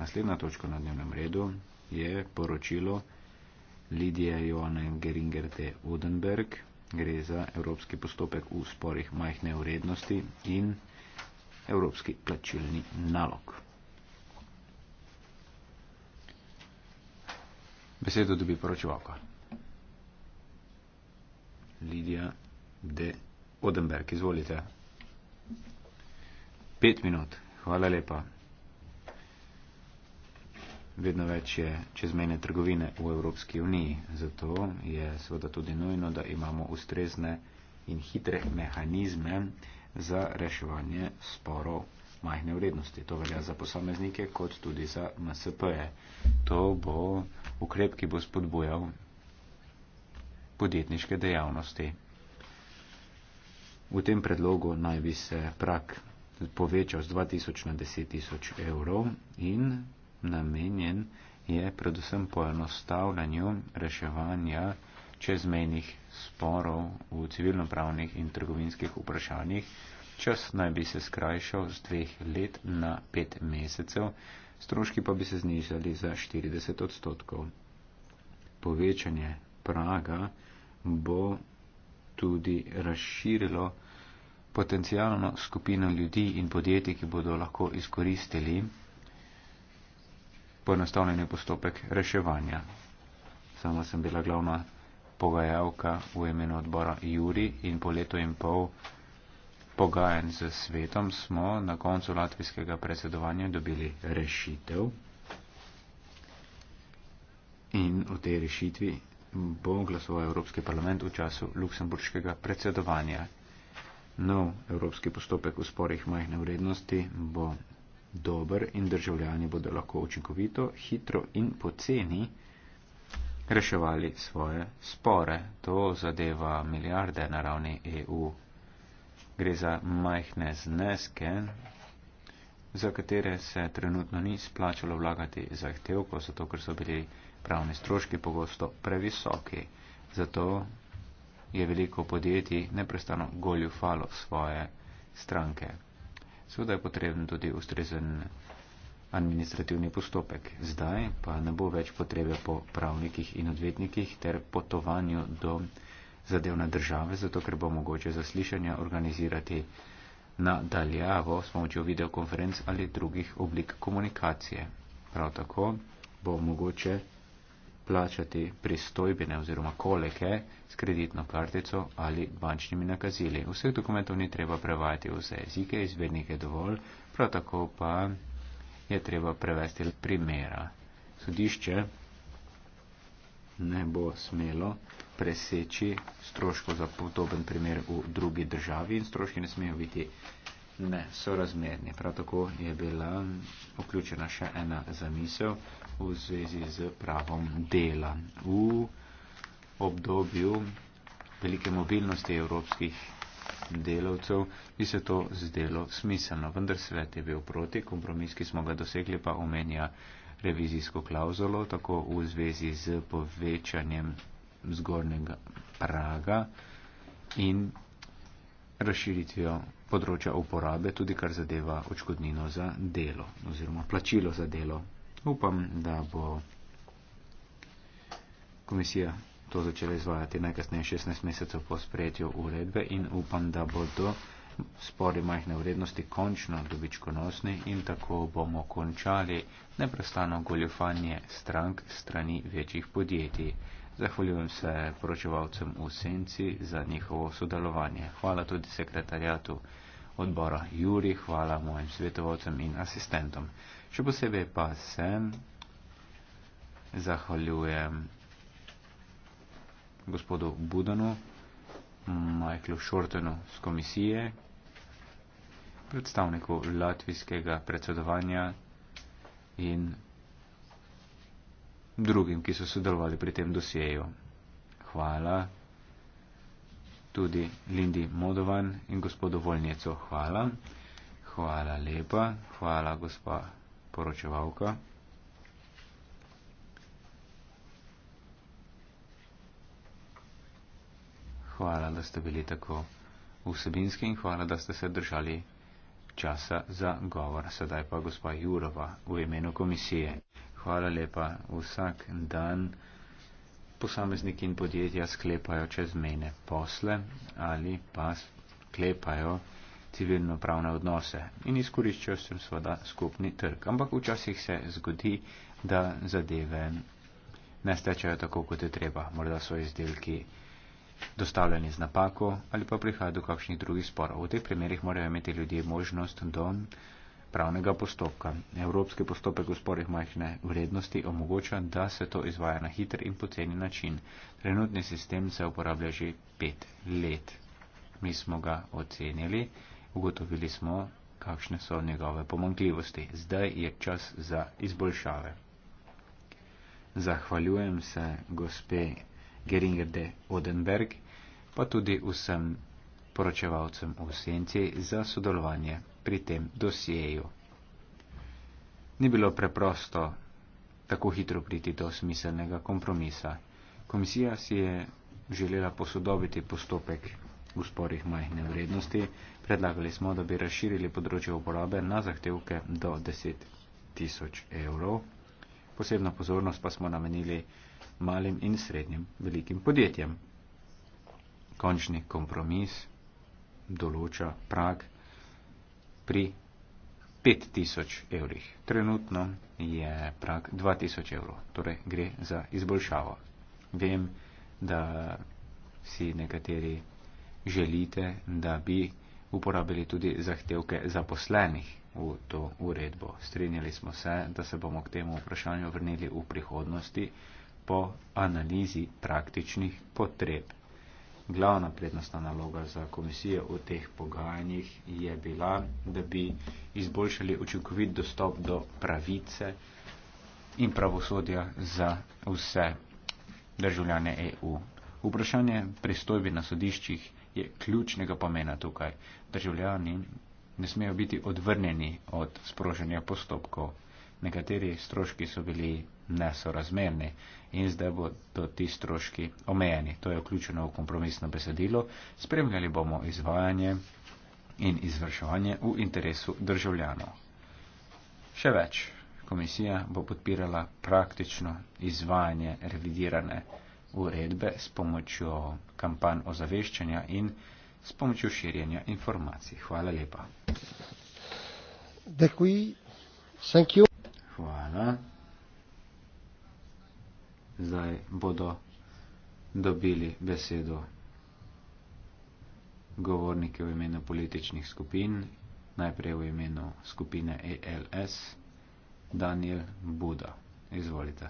Naslednja točka na dnevnem redu je poročilo Lidije Joane Geringer de Udenberg. Gre za evropski postopek v sporih majhne vrednosti in evropski plačilni nalog. Besedo dobi poročevalka. Lidija de Odenberg, izvolite. Pet minut. Hvala lepa vedno več je čezmene trgovine v Evropski uniji. Zato je seveda tudi nujno, da imamo ustrezne in hitre mehanizme za reševanje sporov majhne vrednosti. To velja za posameznike, kot tudi za MSP-je. To bo ukrep, ki bo spodbujal podjetniške dejavnosti. V tem predlogu naj bi se prak povečal z 2000 na 10 tisoč evrov in namenjen je predvsem poenostavljanju reševanja čezmejnih sporov v civilnopravnih in trgovinskih vprašanjih. Čas naj bi se skrajšal z dveh let na pet mesecev, stroški pa bi se znižali za 40 odstotkov. Povečanje praga bo tudi razširilo potencijalno skupino ljudi in podjetij, ki bodo lahko izkoristili poenostavljen je postopek reševanja. Sama sem bila glavna pogajalka v imenu odbora Juri in po letu in pol pogajanj z svetom smo na koncu latvijskega predsedovanja dobili rešitev. In o tej rešitvi bo glasoval Evropski parlament v času luksemburškega predsedovanja. Nov evropski postopek v sporih majhne vrednosti bo dober in državljani bodo lahko učinkovito, hitro in poceni reševali svoje spore. To zadeva milijarde na ravni EU. Gre za majhne zneske, za katere se trenutno ni splačalo vlagati zahtevko, zato ker so bili pravni stroški pogosto previsoki. Zato je veliko podjetij neprestano goljufalo svoje stranke. Seveda je potreben tudi ustrezen administrativni postopek. Zdaj pa ne bo več potrebe po pravnikih in odvetnikih ter potovanju do zadevne države, zato ker bo mogoče zaslišanja organizirati nadaljavo s pomočjo videokonferenc ali drugih oblik komunikacije. Prav tako bo mogoče plačati pristojbine oziroma koleke s kreditno kartico ali bančnimi nakazili. Vseh dokumentov ni treba prevajati v vse jezike, izvednik je dovolj, prav tako pa je treba prevesti primera. Sodišče ne bo smelo preseči stroško za podoben primer v drugi državi in stroški ne smejo biti nesorazmerni. Prav tako je bila vključena še ena zamisel, v zvezi z pravom dela. V obdobju velike mobilnosti evropskih delavcev bi se to zdelo smiselno, vendar svet je bil proti, kompromis, ki smo ga dosegli, pa omenja revizijsko klauzulo, tako v zvezi z povečanjem zgornjega praga in razširitvijo področja uporabe, tudi kar zadeva očkodnino za delo oziroma plačilo za delo upam, da bo komisija to začela izvajati najkasneje 16 mesecev po sprejetju uredbe in upam, da bodo spori majhne vrednosti končno dobičkonosni in tako bomo končali neprestano goljofanje strank strani večjih podjetij. Zahvaljujem se poročevalcem v Senci za njihovo sodelovanje. Hvala tudi sekretarjatu odbora Juri, hvala mojim svetovalcem in asistentom. Še posebej pa se zahvaljujem gospodu Budanu, Michaelu Shortenu z komisije, predstavniku latvijskega predsedovanja in drugim, ki so sodelovali pri tem dosjeju. Hvala tudi Lindi Modovan in gospodu Volnjeco. Hvala. Hvala lepa. Hvala gospa poročevalka. Hvala, da ste bili tako vsebinski in hvala, da ste se držali časa za govor. Sedaj pa gospa Jurova v imenu komisije. Hvala lepa. Vsak dan posamezniki in podjetja sklepajo čezmene posle ali pa sklepajo civilno-pravne odnose in izkoriščajo s tem seveda skupni trg. Ampak včasih se zgodi, da zadeve ne stečajo tako, kot je treba. Morda so izdelki dostavljeni z napako ali pa prihaja do kakšnih drugih sporov. V teh primerih morajo imeti ljudje možnost do pravnega postopka. Evropski postopek v sporih majhne vrednosti omogoča, da se to izvaja na hiter in poceni način. Trenutni sistem se uporablja že pet let. Mi smo ga ocenili Ugotovili smo, kakšne so njegove pomankljivosti. Zdaj je čas za izboljšave. Zahvaljujem se gospe Geringer de Odenberg, pa tudi vsem poročevalcem v Senci za sodelovanje pri tem dosjeju. Ni bilo preprosto tako hitro priti do smiselnega kompromisa. Komisija si je želela posodobiti postopek v sporih majhne vrednosti, predlagali smo, da bi razširili področje uporabe na zahtevke do 10 tisoč evrov. Posebno pozornost pa smo namenili malim in srednjim velikim podjetjem. Končni kompromis določa prag pri 5000 evrih. Trenutno je prag 2000 evrov, torej gre za izboljšavo. Vem, da si nekateri želite, da bi uporabili tudi zahtevke zaposlenih v to uredbo. Strinjali smo se, da se bomo k temu vprašanju vrnili v prihodnosti po analizi praktičnih potreb. Glavna prednostna naloga za komisijo v teh pogajanjih je bila, da bi izboljšali učinkovit dostop do pravice in pravosodja za vse državljane EU. Vprašanje pristojbi na sodiščih je ključnega pomena tukaj. Državljani ne smejo biti odvrnjeni od sproženja postopkov. Nekateri stroški so bili nesorazmerni in zdaj bodo ti stroški omejeni. To je vključeno v kompromisno besedilo. Spremljali bomo izvajanje in izvrševanje v interesu državljanov. Še več, komisija bo podpirala praktično izvajanje revidirane uredbe s pomočjo kampanj ozaveščanja in s pomočjo širjenja informacij. Hvala lepa. Hvala. Zdaj bodo dobili besedo govornike v imenu političnih skupin, najprej v imenu skupine ALS, Daniel Buda. Izvolite.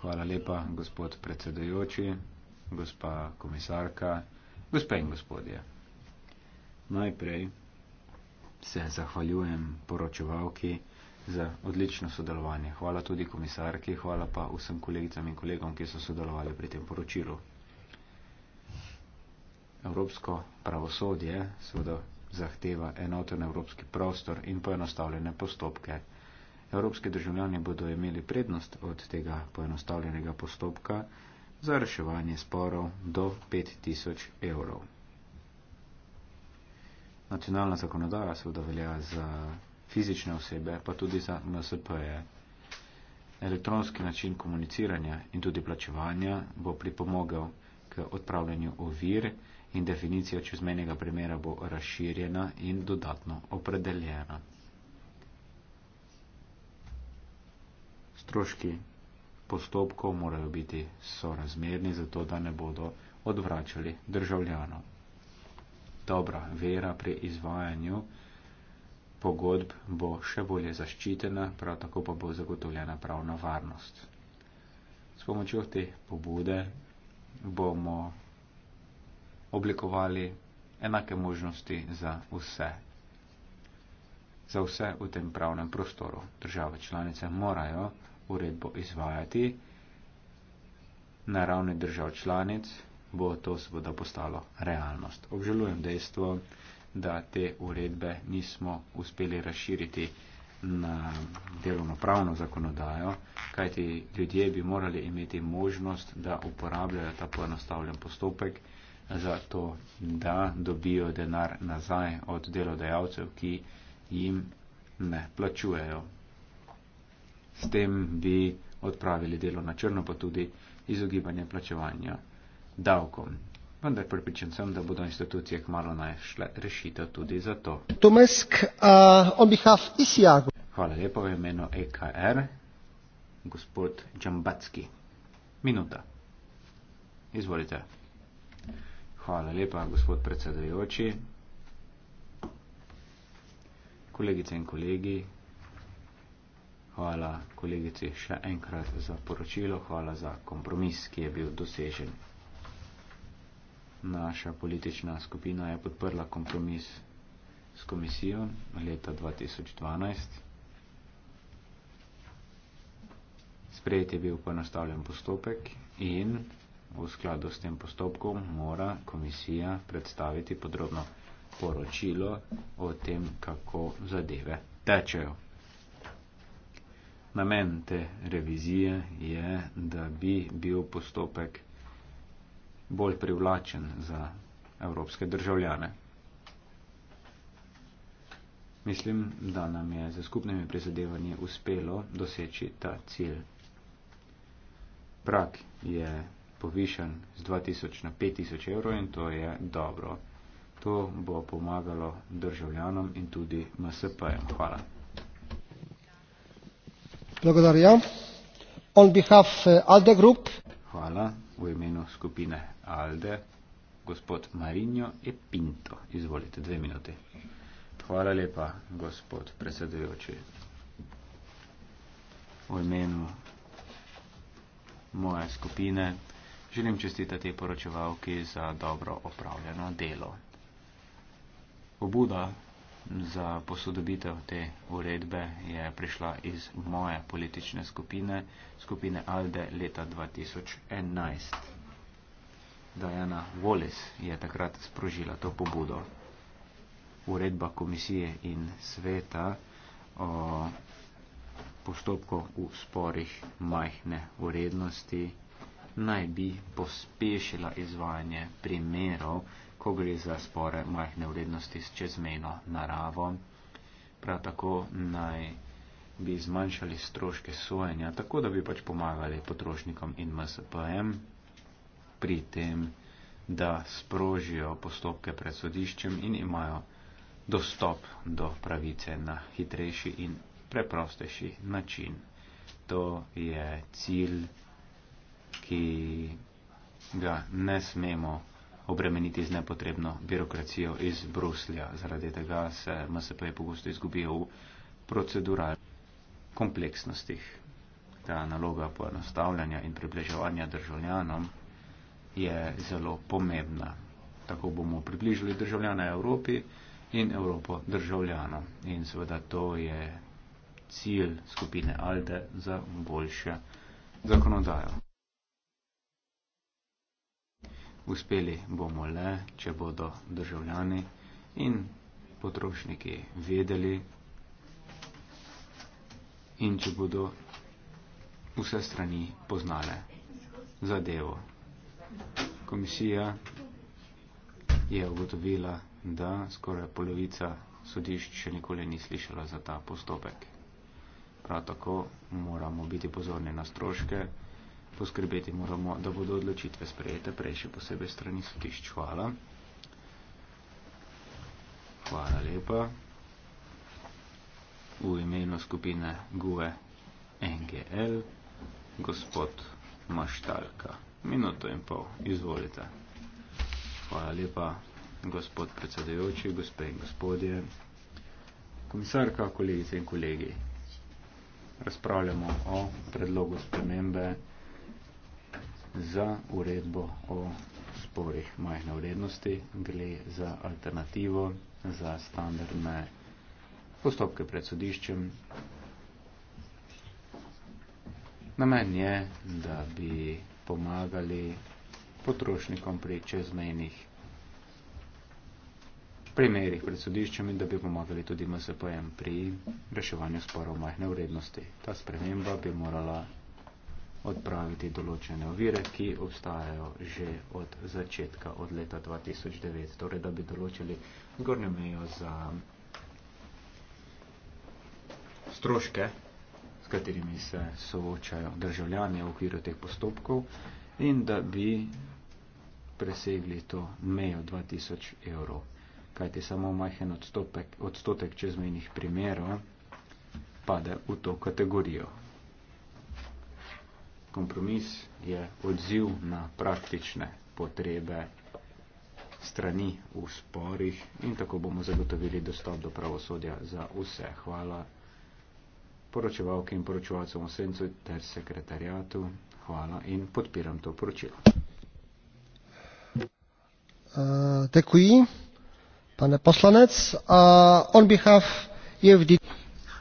Hvala lepa, gospod predsedajoči, gospa komisarka, gospe in gospodje. Najprej se zahvaljujem poročevalki za odlično sodelovanje. Hvala tudi komisarki, hvala pa vsem kolegicam in kolegom, ki so sodelovali pri tem poročilu. Evropsko pravosodje seveda zahteva enoten evropski prostor in poenostavljene postopke evropske državljani bodo imeli prednost od tega poenostavljenega postopka za reševanje sporov do 5000 evrov. Nacionalna zakonodaja seveda velja za fizične osebe, pa tudi za MSP-je. Elektronski način komuniciranja in tudi plačevanja bo pripomogel k odpravljanju ovir in definicija čezmenjega primera bo razširjena in dodatno opredeljena. stroški postopkov morajo biti sorazmerni, zato da ne bodo odvračali državljanov. Dobra vera pri izvajanju pogodb bo še bolje zaščitena, prav tako pa bo zagotovljena pravna varnost. S pomočjo te pobude bomo oblikovali enake možnosti za vse. Za vse v tem pravnem prostoru. Države članice morajo uredbo izvajati. Na ravni držav članic bo to seveda postalo realnost. Obžalujem dejstvo, da te uredbe nismo uspeli razširiti na delovno pravno zakonodajo, kajti ljudje bi morali imeti možnost, da uporabljajo ta poenostavljen postopek za to, da dobijo denar nazaj od delodajalcev, ki jim ne plačujejo s tem bi odpravili delo na črno, pa tudi izogibanje plačevanja davkom. Vendar pripričan sem, da bodo institucije kmalo našle rešitev tudi za to. Tomesk, uh, on behalf Isiago. Hvala lepo, v imenu EKR, gospod Džambacki. Minuta. Izvolite. Hvala lepa, gospod predsedajoči. Kolegice in kolegi, hvala kolegici še enkrat za poročilo, hvala za kompromis, ki je bil dosežen. Naša politična skupina je podprla kompromis s komisijo leta 2012. Sprejet je bil ponastavljen postopek in v skladu s tem postopkom mora komisija predstaviti podrobno poročilo o tem, kako zadeve tečejo. Namen te revizije je, da bi bil postopek bolj privlačen za evropske državljane. Mislim, da nam je za skupnimi prizadevanji uspelo doseči ta cilj. Prak je povišen z 2000 na 5000 evrov in to je dobro. To bo pomagalo državljanom in tudi MSP-jem. Hvala. Blagodarja. On behalf eh, ALDE Group. Hvala v imenu skupine ALDE. Gospod Marinjo je Pinto. Izvolite, dve minuti. Hvala lepa, gospod predsedujoči. V imenu moje skupine želim čestitati poročevalki za dobro opravljeno delo. Pobuda za posodobitev te uredbe je prišla iz moje politične skupine, skupine Alde leta 2011. Diana Wallace je takrat sprožila to pobudo. Uredba komisije in sveta o postopku v sporih majhne urednosti naj bi pospešila izvajanje primerov, ko gre za spore majhne vrednosti s čezmejno naravo. Prav tako naj bi zmanjšali stroške sojenja, tako da bi pač pomagali potrošnikom in MSPM pri tem, da sprožijo postopke pred sodiščem in imajo dostop do pravice na hitrejši in preprostejši način. To je cilj, ki ga ne smemo obremeniti z nepotrebno birokracijo iz Bruslja. Zaradi tega se MSP pogosto izgubijo v proceduralnih kompleksnostih. Ta naloga poenostavljanja in približevanja državljanom je zelo pomembna. Tako bomo približali državljane Evropi in Evropo državljanom. In seveda to je cilj skupine ALDE za boljšo zakonodajo. Uspeli bomo le, če bodo državljani in potrošniki vedeli in če bodo vse strani poznale zadevo. Komisija je ugotovila, da skoraj polovica sodišč še nikoli ni slišala za ta postopek. Prav tako moramo biti pozorni na stroške poskrbeti moramo, da bodo odločitve sprejete prej, še posebej strani sotišč. Hvala. Hvala lepa. V imenu skupine GUE NGL, gospod Maštalka. Minuto in pol, izvolite. Hvala lepa, gospod predsedujoči, gospe in gospodje, komisarka, kolegice in kolegi. Razpravljamo o predlogu spremembe za uredbo o sporih majhne vrednosti, gre za alternativo za standardne postopke pred sodiščem. Namen je, da bi pomagali potrošnikom pri čezmejnih primerih pred sodiščem in da bi pomagali tudi MSPM pri reševanju sporov majhne vrednosti. Ta sprememba bi morala odpraviti določene ovire, ki obstajajo že od začetka, od leta 2009. Torej, da bi določili zgornjo mejo za stroške, s katerimi se soočajo državljani v okviru teh postopkov in da bi presegli to mejo 2000 evrov. Kajti samo majhen odstotek, odstotek čezmejnih primerov pade v to kategorijo. Kompromis je odziv na praktične potrebe strani v sporih in tako bomo zagotovili dostop do pravosodja za vse. Hvala poročevalke in poročevalcem osencu ter sekretarijatu. Hvala in podpiram to poročilo. Uh, děkuji, pane poslanec. Uh, on behalf EFD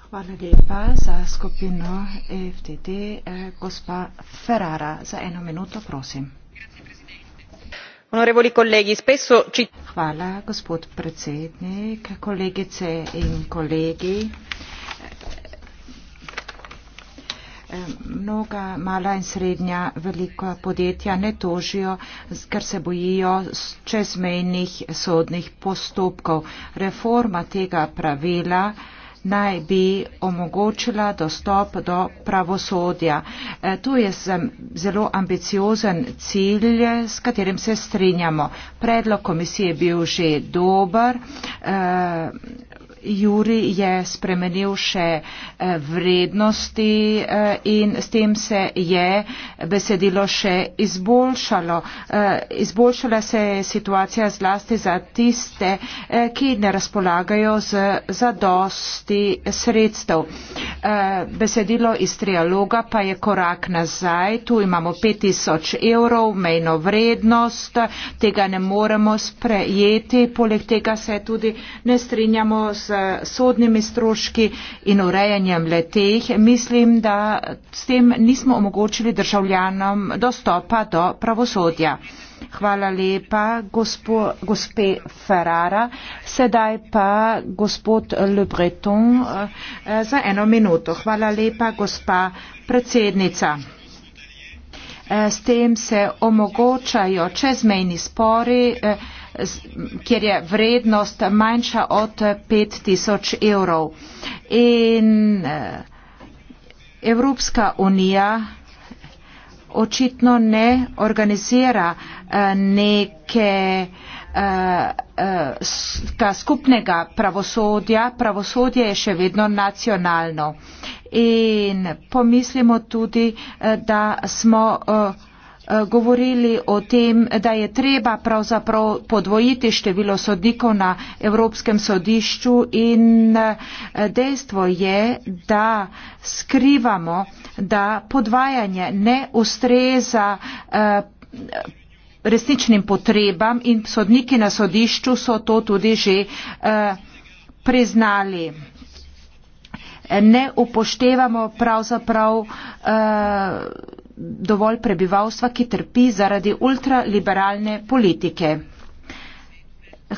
Hvala lepa za skupino FTD. Eh, gospa Ferrara, za eno minuto, prosim. Hvala, gospod predsednik, kolegice in kolegi. Mnoga mala in srednja velika podjetja ne tožijo, ker se bojijo čezmejnih sodnih postopkov. Reforma tega pravila naj bi omogočila dostop do pravosodja. E, tu je zelo ambiciozen cilj, s katerim se strinjamo. Predlog komisije je bil že dober. E, Juri je spremenil še eh, vrednosti eh, in s tem se je besedilo še izboljšalo. Eh, izboljšala se je situacija zlasti za tiste, ki ne razpolagajo z zadosti sredstev. Besedilo iz trialoga pa je korak nazaj. Tu imamo 5000 evrov mejno vrednost, tega ne moremo sprejeti, poleg tega se tudi ne strinjamo s sodnimi stroški in urejanjem letejih, mislim, da s tem nismo omogočili državljanom dostopa do pravosodja. Hvala lepa, gospo, gospe Ferrara. Sedaj pa gospod Le Breton eh, za eno minuto. Hvala lepa, gospa predsednica. Eh, s tem se omogočajo čezmejni spori. Eh, kjer je vrednost manjša od 5000 evrov. In eh, Evropska unija očitno ne organizira eh, neke eh, skupnega pravosodja. Pravosodje je še vedno nacionalno. In pomislimo tudi, da smo Eh, govorili o tem, da je treba pravzaprav podvojiti število sodnikov na Evropskem sodišču in eh, dejstvo je, da skrivamo, da podvajanje ne ustreza eh, resničnim potrebam in sodniki na sodišču so to tudi že priznali. Ne upoštevamo pravzaprav uh, dovolj prebivalstva, ki trpi zaradi ultraliberalne politike.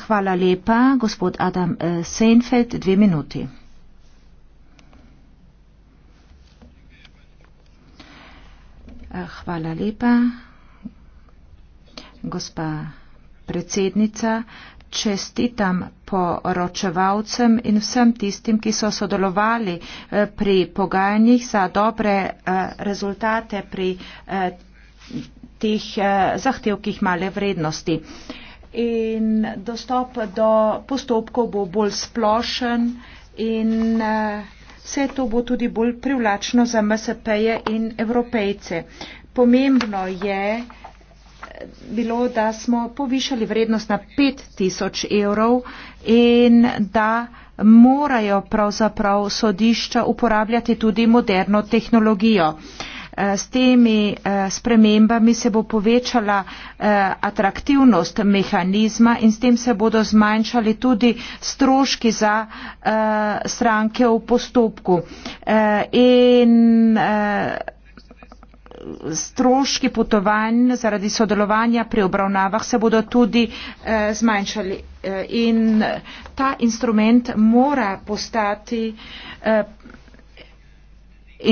Hvala lepa, gospod Adam eh, Seinfeld, dve minuti. Eh, hvala lepa, gospa predsednica čestitam poročevalcem in vsem tistim, ki so sodelovali eh, pri pogajanjih za dobre eh, rezultate pri eh, teh zahtevkih male vrednosti. In dostop do postopkov bo bolj splošen in vse to bo tudi bolj privlačno za MSP-je in evropejce. Pomembno je, bilo, da smo povišali vrednost na 5000 evrov in da morajo pravzaprav sodišča uporabljati tudi moderno tehnologijo. Eh, s temi eh, spremembami se bo povečala eh, atraktivnost mehanizma in s tem se bodo zmanjšali tudi stroški za stranke v postopku. In, stroški potovanj zaradi sodelovanja pri obravnavah se bodo tudi eh, zmanjšali. Eh, in eh, ta instrument mora postati eh,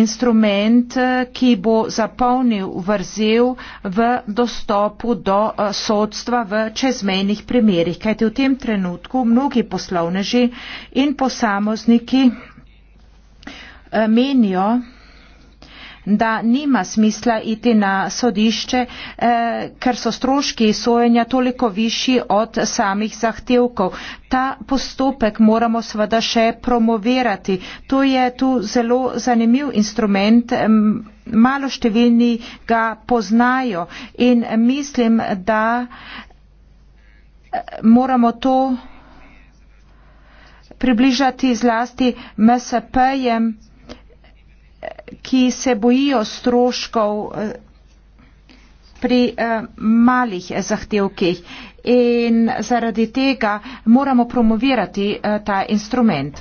instrument, eh, ki bo zapolnil vrzel v dostopu do eh, sodstva v čezmejnih primerih. Kajte v tem trenutku mnogi poslovneži in posamozniki eh, menijo, da nima smisla iti na sodišče, eh, ker so stroški sojenja toliko višji od samih zahtevkov. Ta postopek moramo seveda še promovirati. To je tu zelo zanimiv instrument. Malo številni ga poznajo in mislim, da eh, moramo to približati zlasti MSP-jem ki se bojijo stroškov eh, pri eh, malih eh, zahtevkih in zaradi tega moramo promovirati ta instrument.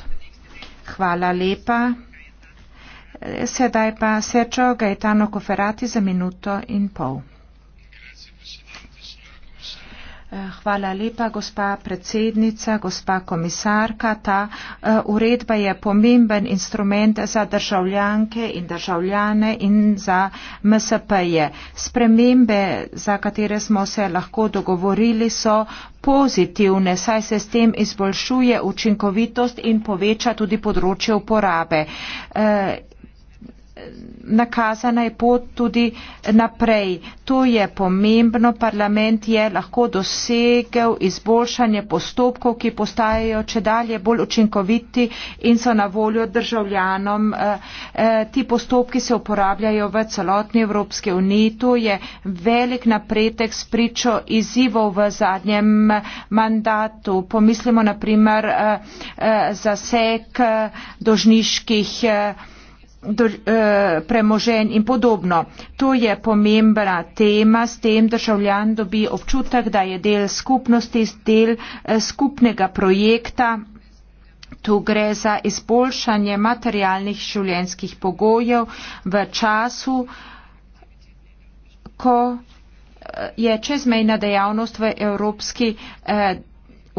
Hvala lepa. Sedaj pa Sečo Gaetano Koferati za minuto in pol. Eh, hvala lepa, gospa predsednica, gospa komisarka. Ta eh, uredba je pomemben instrument za državljanke in državljane in za MSP-je. Spremembe, za katere smo se lahko dogovorili, so pozitivne, saj se s tem izboljšuje učinkovitost in poveča tudi področje uporabe. Eh, nakazana je pot tudi naprej. To je pomembno. Parlament je lahko dosegel izboljšanje postopkov, ki postajajo če dalje bolj učinkoviti in so na voljo državljanom. Eh, eh, ti postopki se uporabljajo v celotni Evropski uniji. To je velik napredek s pričo izzivov v zadnjem eh, mandatu. Pomislimo na primer zasek dožniških Eh, premožen in podobno. To je pomembna tema, s tem državljan dobi občutek, da je del skupnosti, del eh, skupnega projekta. Tu gre za izboljšanje materialnih življenjskih pogojev v času, ko eh, je čezmejna dejavnost v Evropski eh,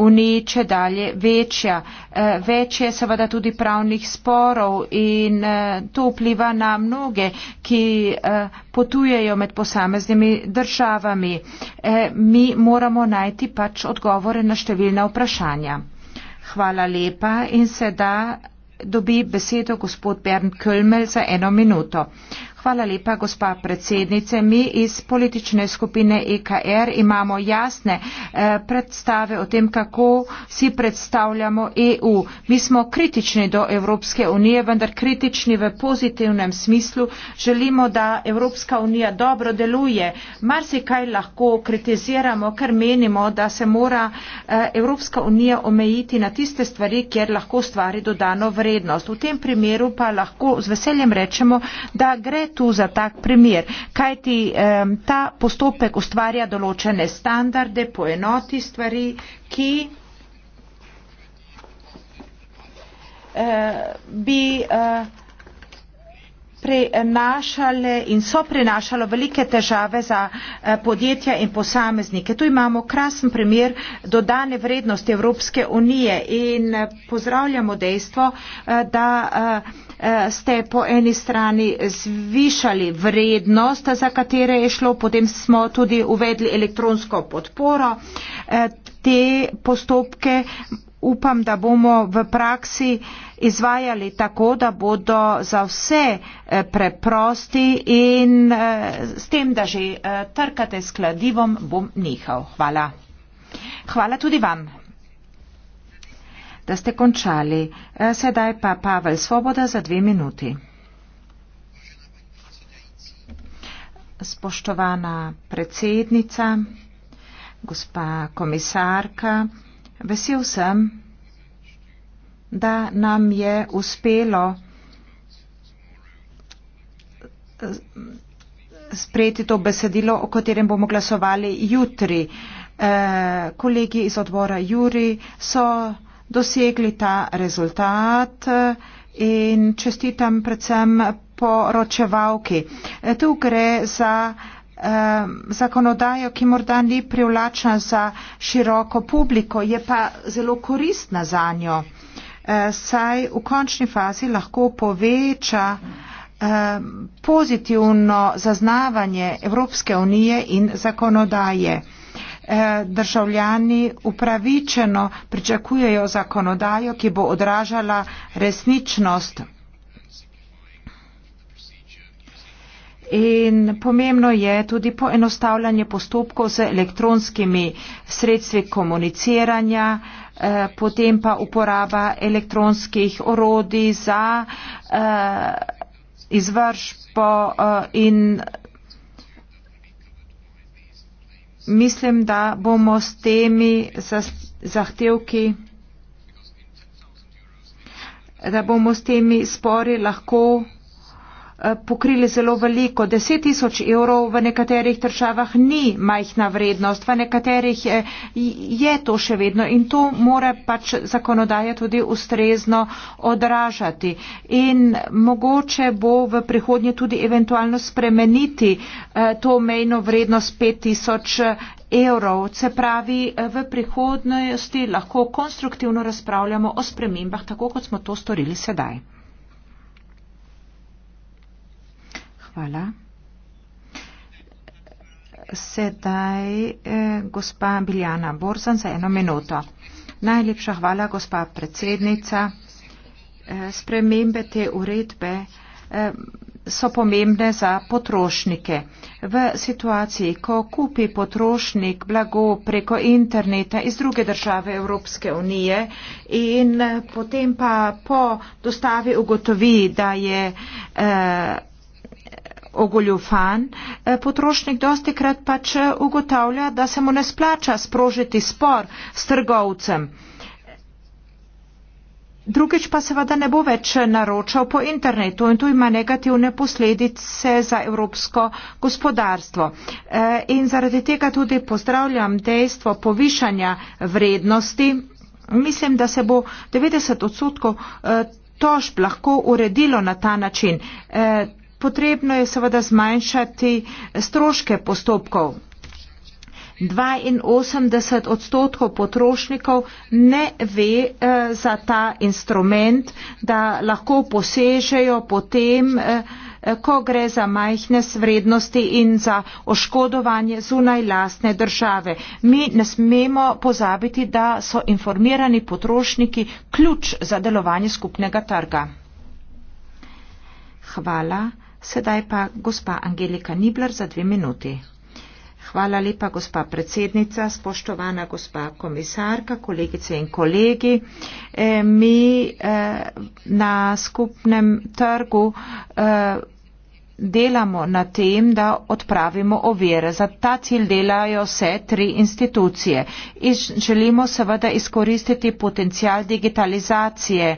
uniji če dalje večja. Eh, več je seveda tudi pravnih sporov in eh, to vpliva na mnoge, ki eh, potujejo med posameznimi državami. Mi moramo najti pač odgovore na številna vprašanja. Hvala lepa in sedaj dobi besedo gospod Bernd Kölmel za eno minuto. Hvala lepa, gospa predsednice. Mi iz politične skupine EKR imamo jasne eh, predstave o tem, kako si predstavljamo EU. Mi smo kritični do Evropske unije, vendar kritični v pozitivnem smislu. Želimo, da Evropska unija dobro deluje. Mar si kaj lahko kritiziramo, ker menimo, da se mora eh, Evropska unija omejiti na tiste stvari, kjer lahko stvari dodano vrednost. V tem primeru pa lahko z veseljem rečemo, da gre svetu za tak primer, kajti um, ta postopek ustvarja določene standarde, poenoti stvari, ki uh, bi uh, prenašale in so prenašalo velike težave za eh, podjetja in posameznike. Tu imamo krasen primer dodane vrednosti Evropske unije in pozdravljamo dejstvo, da ste po eni strani zvišali vrednost, za katere je šlo, potem smo tudi uvedli elektronsko podporo. E, te postopke upam, da bomo v praksi izvajali tako, da bodo za vse e, preprosti in e, s tem, da že trkate s kladivom, bom nehal. Hvala. Hvala tudi vam da ste končali. E, sedaj pa Pavel Svoboda za dve minuti. Spoštovana predsednica, gospa komisarka, vesel sem, da nam je uspelo e, sprejeti to besedilo, o katerem bomo glasovali jutri. E, kolegi iz odbora Juri so dosegli ta rezultat in čestitam predvsem poročevalki. Tu gre za eh, zakonodajo, ki morda ni privlačna za široko publiko, je pa zelo koristna za njo, eh, saj v končni fazi lahko poveča eh, pozitivno zaznavanje Evropske unije in zakonodaje. Eh, državljani upravičeno pričakujejo zakonodajo, ki bo odražala resničnost. In pomembno je tudi poenostavljanje postopkov z elektronskimi sredstvi komuniciranja, eh, potem pa uporaba elektronskih orodij za eh, izvršbo in mislim, da bomo s temi zahtevki da bomo s temi spori lahko Eh, pokrili zelo veliko. 10 tisoč evrov v nekaterih državah ni majhna vrednost, v nekaterih je, eh, je to še vedno in to mora pač zakonodaja tudi ustrezno odražati. In mogoče bo v prihodnje tudi eventualno spremeniti eh, to mejno vrednost 5 tisoč evrov. Se pravi, v prihodnosti lahko konstruktivno razpravljamo o spremembah, tako kot smo to storili sedaj. hvala. Sedaj eh, gospa Biljana Borzan za eno minuto. Najlepša hvala, gospa predsednica. Eh, spremembe te uredbe eh, so pomembne za potrošnike. V situaciji, ko kupi potrošnik blago preko interneta iz druge države Evropske unije in eh, potem pa po dostavi ugotovi, da je. Eh, ogoljufan, e, potrošnik dosti krat pač e, ugotavlja, da se mu ne splača sprožiti spor s trgovcem. Drugič pa seveda ne bo več naročal po internetu in tu ima negativne posledice za evropsko gospodarstvo. E, in zaradi tega tudi pozdravljam dejstvo povišanja vrednosti. Mislim, da se bo 90 odstotkov tožb lahko uredilo na ta način potrebno je seveda zmanjšati stroške postopkov. 82 odstotkov potrošnikov ne ve eh, za ta instrument, da lahko posežejo potem, eh, ko gre za majhne vrednosti in za oškodovanje zunaj lastne države. Mi ne smemo pozabiti, da so informirani potrošniki ključ za delovanje skupnega trga. Hvala. Sedaj pa gospa Angelika Nibler za dve minuti. Hvala lepa, gospa predsednica, spoštovana gospa komisarka, kolegice in kolegi. E, mi e, na skupnem trgu e, delamo na tem, da odpravimo ovire. Za ta cilj delajo vse tri institucije. In želimo seveda izkoristiti potencial digitalizacije e,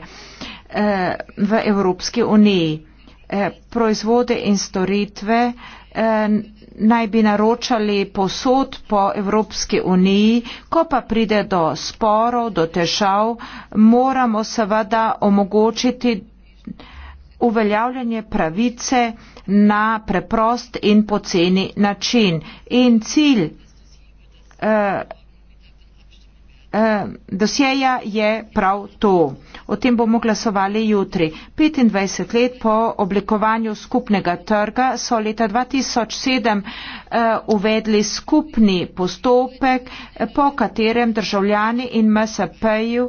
v Evropski uniji. Eh, proizvode in storitve eh, naj bi naročali posod po Evropski uniji, ko pa pride do sporov, do težav, moramo seveda omogočiti uveljavljanje pravice na preprost in poceni način. In cilj eh, Eh, dosjeja je prav to. O tem bomo glasovali jutri. 25 let po oblikovanju skupnega trga so leta 2007 eh, uvedli skupni postopek, eh, po katerem državljani in MSP-ju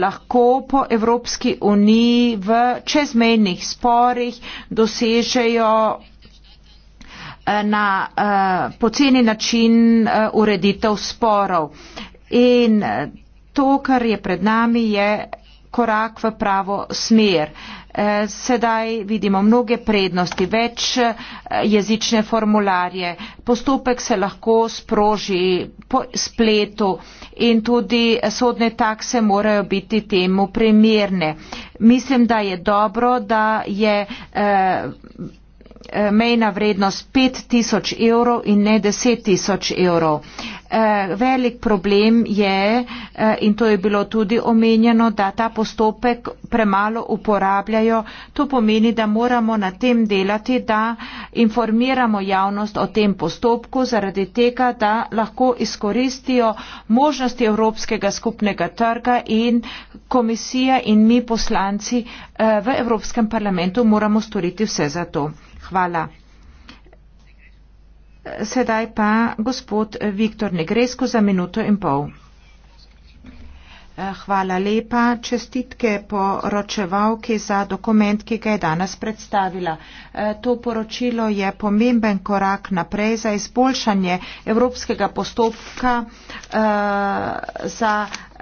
lahko po Evropski uniji v čezmejnih sporih dosežejo na poceni način ureditev sporov. In eh, to, kar je pred nami, je korak v pravo smer. Eh, sedaj vidimo mnoge prednosti, več eh, jezične formularje, postopek se lahko sproži po spletu in tudi sodne takse morajo biti temu primerne. Mislim, da je dobro, da je mejna vrednost 5000 evrov in ne 10000 evrov. Eh, velik problem je, eh, in to je bilo tudi omenjeno, da ta postopek premalo uporabljajo. To pomeni, da moramo na tem delati, da informiramo javnost o tem postopku, zaradi tega, da lahko izkoristijo možnosti Evropskega skupnega trga in komisija in mi poslanci eh, v Evropskem parlamentu moramo storiti vse za to. Hvala. Sedaj pa gospod Viktor Negresko za minuto in pol. Hvala lepa. Čestitke poročevalki za dokument, ki ga je danes predstavila. To poročilo je pomemben korak naprej za izboljšanje evropskega postopka eh, za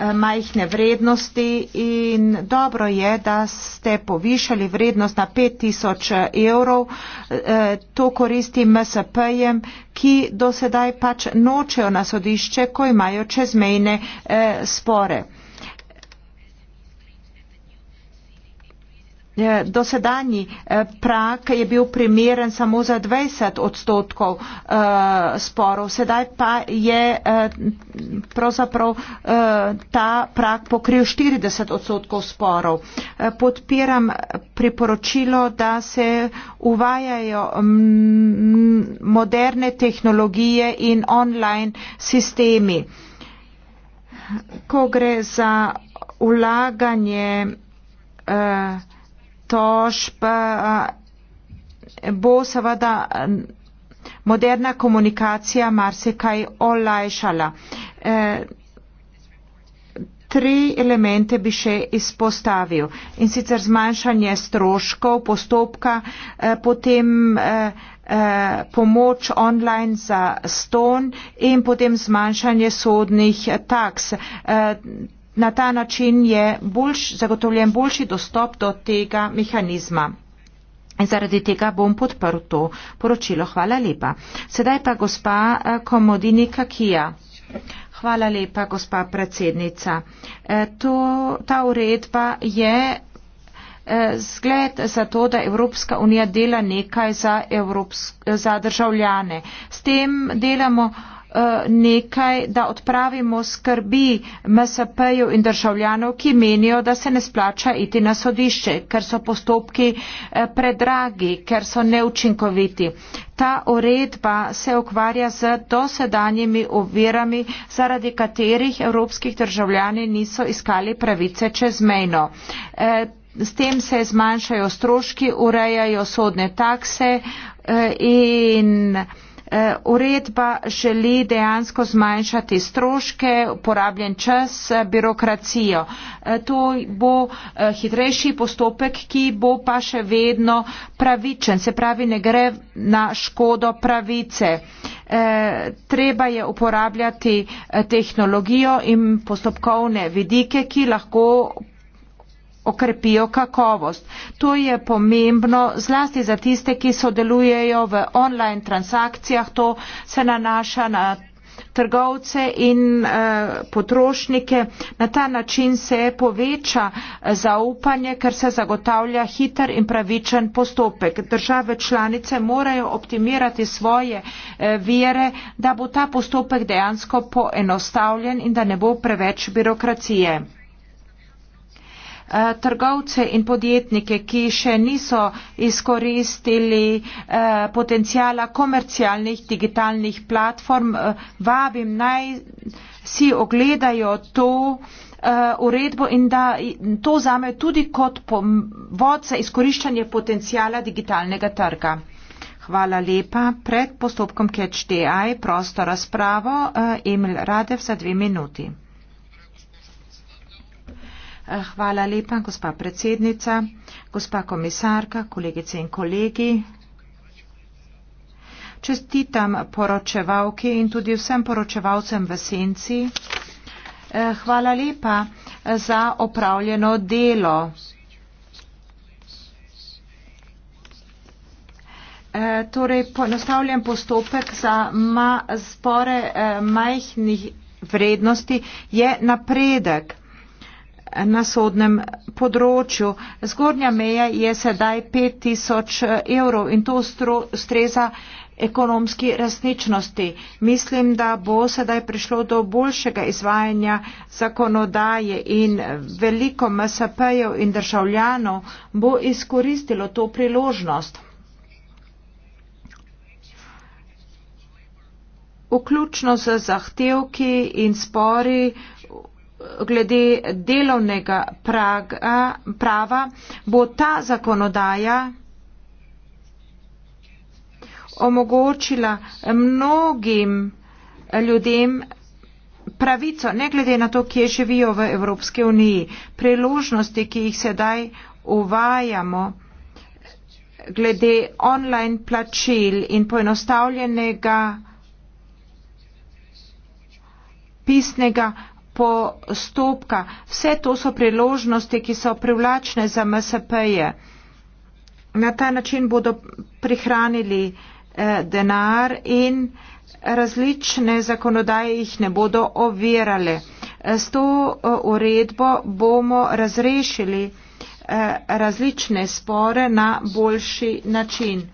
Eh, majhne vrednosti in dobro je, da ste povišali vrednost na 5000 eh, evrov. Eh, to koristi MSP-jem, ki do sedaj pač nočejo na sodišče, ko imajo čezmejne spore. Eh, dosedanji eh, prak je bil primeren samo za 20 odstotkov eh, sporov, sedaj pa je pravzaprav ta prak pokril 40 odstotkov sporov. Podpiram priporočilo, da se uvajajo mm, moderne tehnologije in online sistemi. Ko gre za ulaganje pritožb eh, bo seveda eh, moderna komunikacija marsikaj olajšala. Eh, tri elemente bi še izpostavil in sicer zmanjšanje stroškov postopka, potem pomoč online za ston in potem zmanjšanje sodnih taks. Na ta način je boljš, zagotovljen boljši dostop do tega mehanizma. In zaradi tega bom podprl to poročilo. Hvala lepa. Sedaj pa gospa eh, Komodini Kakija. Hvala lepa, gospa predsednica. E, to, ta uredba je e, zgled za to, da Evropska unija dela nekaj za, evropsk, za državljane. S tem delamo nekaj, da odpravimo skrbi MSP-jev in državljanov, ki menijo, da se ne splača iti na sodišče, ker so postopki eh, predragi, ker so neučinkoviti. Ta uredba se ukvarja z dosedanjimi ovirami, zaradi katerih evropskih državljani niso iskali pravice čezmejno. Eh, s tem se zmanjšajo stroški, urejajo sodne takse eh, in Eh, uredba želi dejansko zmanjšati stroške, uporabljen čas, eh, birokracijo. Eh, to bo hitrejši postopek, ki bo pa še vedno pravičen, se pravi, ne gre na škodo pravice. Treba je uporabljati tehnologijo in postopkovne vidike, ki lahko okrepijo kakovost. To je pomembno zlasti za tiste, ki sodelujejo v online transakcijah. To se nanaša na trgovce in eh, potrošnike. Na ta način se poveča eh, zaupanje, ker se zagotavlja hiter in pravičen postopek. Države članice morajo optimirati svoje eh, vire, da bo ta postopek dejansko poenostavljen in da ne bo preveč birokracije. Eh, trgovce in podjetnike, ki še niso izkoristili eh, potencijala komercialnih digitalnih platform, eh, vabim naj si ogledajo to uredbo in da to zame tudi kot vod za izkoriščanje potencijala digitalnega trga. Hvala lepa. Pred postopkom Catch.di prosto razpravo Emil Radev za dve minuti. Hvala lepa, gospa predsednica, gospa komisarka, kolegice in kolegi. Čestitam poročevalki in tudi vsem poročevalcem v senci. Eh, hvala lepa eh, za opravljeno delo. E, torej, poenostavljen postopek za ma, spore e, majhnih vrednosti je napredek na sodnem področju. Zgornja meja je sedaj 5000 eh, evrov in to streza ekonomski resničnosti. Mislim, da bo sedaj prišlo do boljšega izvajanja zakonodaje in veliko MSP-jev in državljanov bo izkoristilo to priložnost. Vključno z zahtevki in spori glede delovnega praga, prava bo ta zakonodaja omogočila mnogim ljudem pravico, ne glede na to, kje živijo v Evropske uniji, priložnosti, ki jih sedaj uvajamo glede online plačil in poenostavljenega pisnega postopka. Vse to so priložnosti, ki so privlačne za MSP-je. Na ta način bodo prihranili eh, denar in različne zakonodaje jih ne bodo ovirale. Eh, s to eh, uredbo bomo razrešili eh, različne spore na boljši način.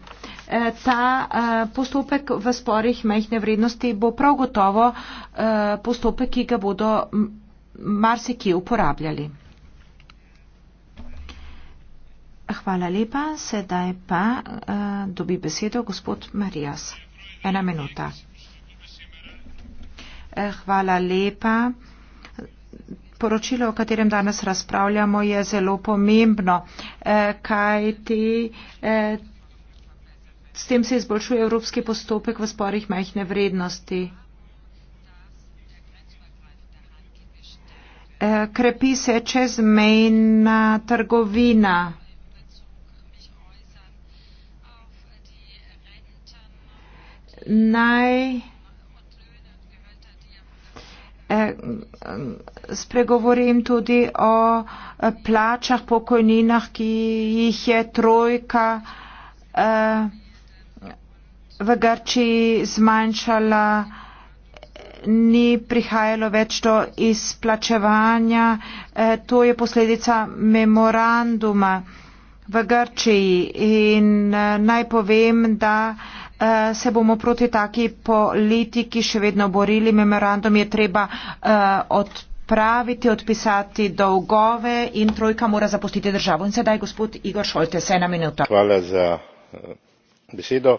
Eh, ta eh, postopek v sporih mehne vrednosti bo prav gotovo eh, postopek, ki ga bodo marsikje uporabljali. Hvala lepa. Sedaj pa uh, dobi besedo gospod Marijas. Ena minuta. Hvala lepa. Poročilo, o katerem danes razpravljamo, je zelo pomembno, eh, kaj ti. Eh, S tem se izboljšuje evropski postopek v sporih majhne vrednosti. E, krepi se čezmejna trgovina. Naj e, spregovorim tudi o plačah, pokojninah, ki jih je trojka. Eh, v Grčiji zmanjšala, ni prihajalo več do izplačevanja. E, to je posledica memoranduma v Grčiji in e, naj povem, da e, se bomo proti taki politiki še vedno borili. Memorandum je treba odpraviti, odpisati dolgove in trojka mora zapustiti državo. In sedaj gospod Igor Šolte, se ena minuta. Hvala za besedo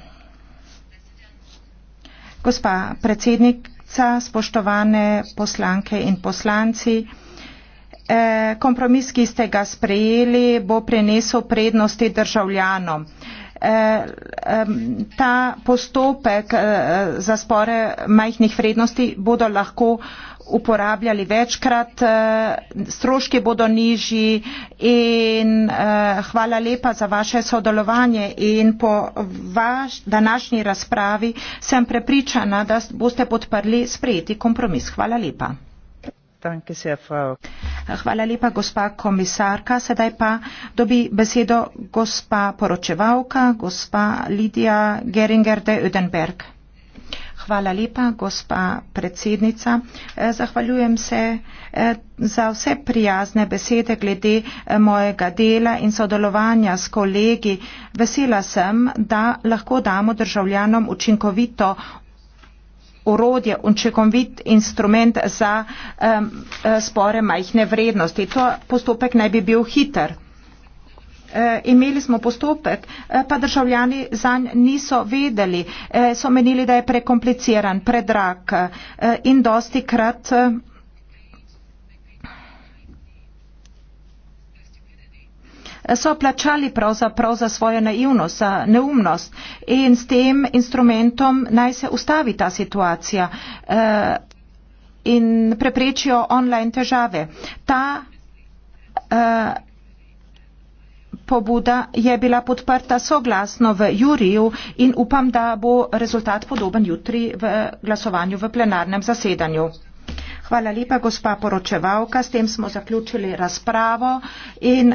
Gospa predsednica, spoštovane poslanke in poslanci, eh, kompromis, ki ste ga sprejeli, bo prenesel prednosti državljanom. Eh, ta postopek eh, za spore majhnih vrednosti bodo lahko uporabljali večkrat, eh, stroški bodo nižji in eh, hvala lepa za vaše sodelovanje in po vaš današnji razpravi sem prepričana, da boste podprli sprejeti kompromis. Hvala lepa. Hvala lepa, gospa komisarka. Sedaj pa dobi besedo gospa poročevalka, gospa Lidija Geringer de Udenberg. Hvala lepa, gospa predsednica. Eh, zahvaljujem se eh, za vse prijazne besede glede eh, mojega dela in sodelovanja s kolegi. Vesela sem, da lahko damo državljanom učinkovito orodje, učinkovit instrument za spore majhne vrednosti. To postopek naj bi bil hiter. Eh, imeli smo postopek, eh, pa državljani zanj niso vedeli, eh, so menili, da je prekompliciran, predrag in dosti krat. so plačali pravzaprav za svojo naivnost, za neumnost in s tem instrumentom naj se ustavi ta situacija in preprečijo online težave. Ta pobuda je bila podprta soglasno v juriju in upam da bo rezultat podoben jutri v glasovanju v plenarnem zasedanju. Hvala lepa, gospa poročevalka. S tem smo zaključili razpravo.